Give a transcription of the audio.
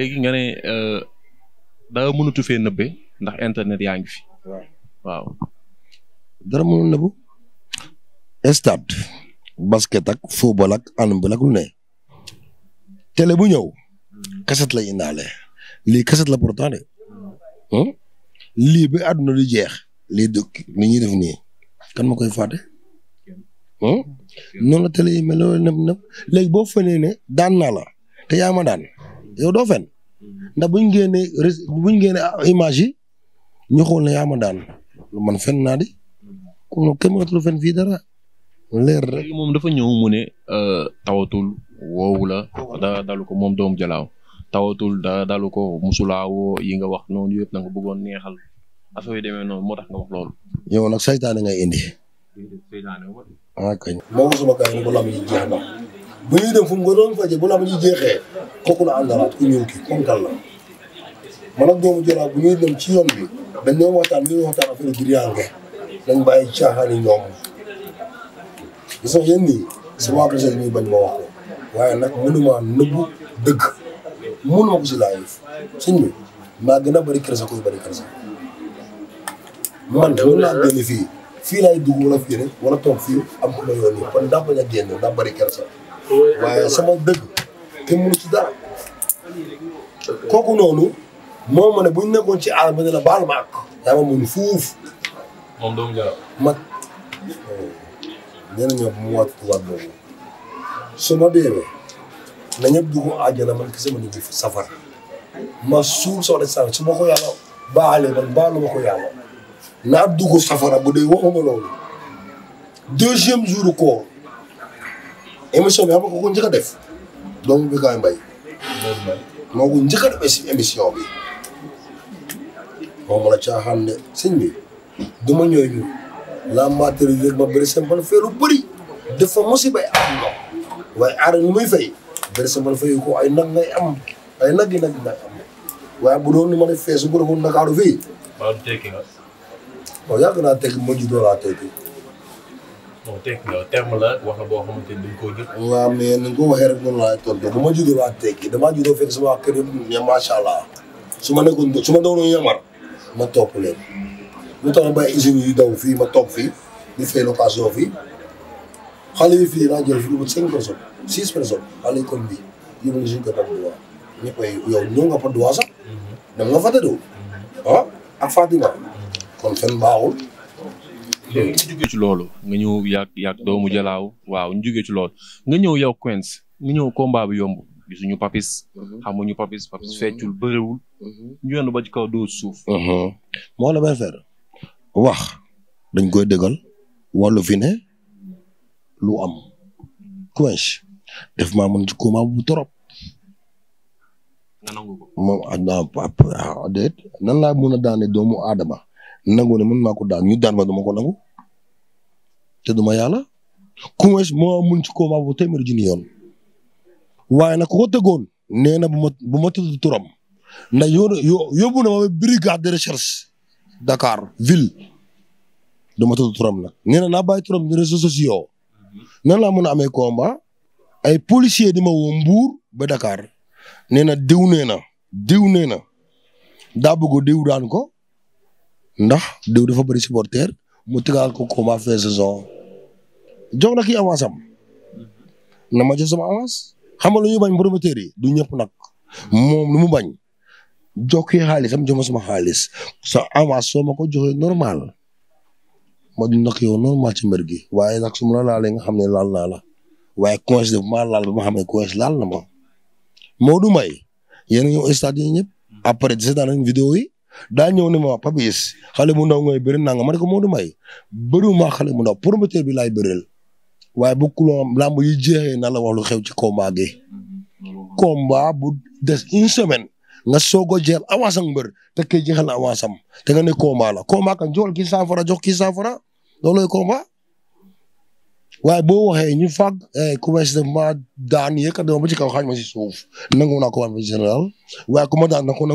léegi nga ne euh, dara mënatu fee nëbbe ndax internet yaa ngi fi. waaw waaw. dara mënul nëbbu. stade. basket ak football ak handball ak lu ne. télé bu ñëw. kaset lay indaale. lii kaset la pourtant de. Hmm? lii bi àdduna di jeex. lii dëkk ni ñuy def nii. kan ma koy fàtte. Hmm? noonu la télé yi mel loolu nëpp nëpp léegi boo fenee daan naa la te yaa daan. yow doo fen ndax bu ñu génnee bu ñu génnee image yi na xool ne daan man fen naa di kon kenn mënatul fen fii dara leer rek. moom dafa ñëw mu ne euh, tawatul woowu la da dalu ko moom doom jalaw tawatul da dalu ko musulaawoo yi nga wax noonu yëpp na nga bëggoon neexal affaire yu demee noonu moo tax nga wax loolu. yow nag saytaane ngay indi. ah kañ. fu mu doon fajee bu lam kooku la àndalaat ku ñuul ki comme kan la mana ak doomu Joola bu ñuy dem ci yoon bi dañ doon waxtaan li ñuy waxtaan affaire giryaange dañ bàyyi caaxaan yi ñoom gis nga yéen nii sama projet ñuy bañ ma wax ko waaye nag mënuma nëbbu dëgg mënuma ko si laayif sëñ bi maa gën a bëri kersa koy bëri kersa man mën fii fii laay dugg wala fii wala toog fii am ku ma yoon nii kon daa bañ a génn daa bëri kersa waaye sama dëgg kooku noonu moom ma ne bu nekkoon ci àll ba ne la baal ma ak yaa ma mun fuuf. moom doomu jara mag nee nañoo bu mu waat tubaab ma deewee na ñëpp dugg àjjana man kese ma dugg safara ma suul si saa su ma ko yàlla baalee man baalu ma ko yàlla naa dugg safara bu dee waxuma loolu deuxième jour koor émission bi xam nga ko njëkk a def. doomu bi kaay mbay. moo ko njëkk a demee si émission bi. moom la caaxaan ne sëñ bi du ma ñooñu la matériel ma bëri seen fan fee lu am ndox waaye aar nu muy fay bëri ko ay nag ngay am ay nag yi nag ngay am waaye bu doon nu ma def fee su ko defoon Ndakaaru non tekki la wax la boo xamante ni duñ ko jël. waaw mais ni nga ko waxee rek noonu laay tontu bu ma juddoo laa tekki kër yëpp ña macha allah su ma nekkoon su ma doon yamar ma topp leen lu tax bay usines daw fii ma toog fii di fay location fii xale yi fii laa jël fii ba cinq personnes six personnes xale yi kon bii yóbbu na suñu kër Patte d'Oie ñëpp ay yow ñëw nga Patte mhm. d'Oie mhm. ah ak Fatima mhm. kon fen baaxul. léegi ñu jógee ci loolu nga ñëw yàgg yàgg doomu jalaaw waaw ñu nga ñëw yow Quench nga ñëw combat bi yomb gisuñu papis mhm. xamuñu papis papis mhm. feccul bëriwul mhm. ñu yendu ba ci kaw doo suuf moo la benn affaire wax dañ koy dëggal wàllu fi ne lu am Quench def maa mën ci combat bu trop ah, ah, ah déet nan laa mën a doomu aadama nangu ne mën naa ko daan ñu daan ma dama ko nangu te duma yàlla ku wees moo mun ci combat bu téeméeri junni yoon waaye nag ku ko nee na bu ma bu ma tudd turam ndax yóbbu yóbbu na ma brigade de Dakar ville du ma turam nag nee na naa bàyyi turam ni réseaux sociaux nan laa mën a amee combat ay policier di ma woo Mbour ba Dakar nee na diw nee na diw nee na daa bëgg diw daan ko ndax diw dafa bëri supporter mu tigaal ko combat fin saison jox na kii avance mm-hmm. na ma jox sama avance xam nga lu ñuy bañ promoteur yi du ñëpp nag moom lu mu bañ jokki xaalis am jox ma sama xaalis sa avance soo ma ko joxee normal ma du nag yow normal ci mbir gi waaye nag ma la laalee nga xam ne laal naa la waaye coince def maa laal ba ma xam ne coince laal na ma Modou Mbaye yéen a ngi stade yi ñëpp mm-hmm. après seetaan nañ vidéo yi daa ñëw ne ma Pape Is xale mu ndaw ngay bëri nanga ma ne ko Modou Mbaye bëriwuma xale mu ndaw promoteur bi laay bëreel waaye bu kulom lamb yi jeexee na la wax xew ci combat gi komba bu des une semaine nga soog a jël avance ak mbër te kee jeexal na te nga ne combat la combat kan jool kii saafara jox kii saafara loolooy combat waaye boo waxee ñu fàgg commencement eh, daan yëkkat dama ba ci kaw xaaj ma si suuf nangu naa ko waa général waaye ku ma daan na ko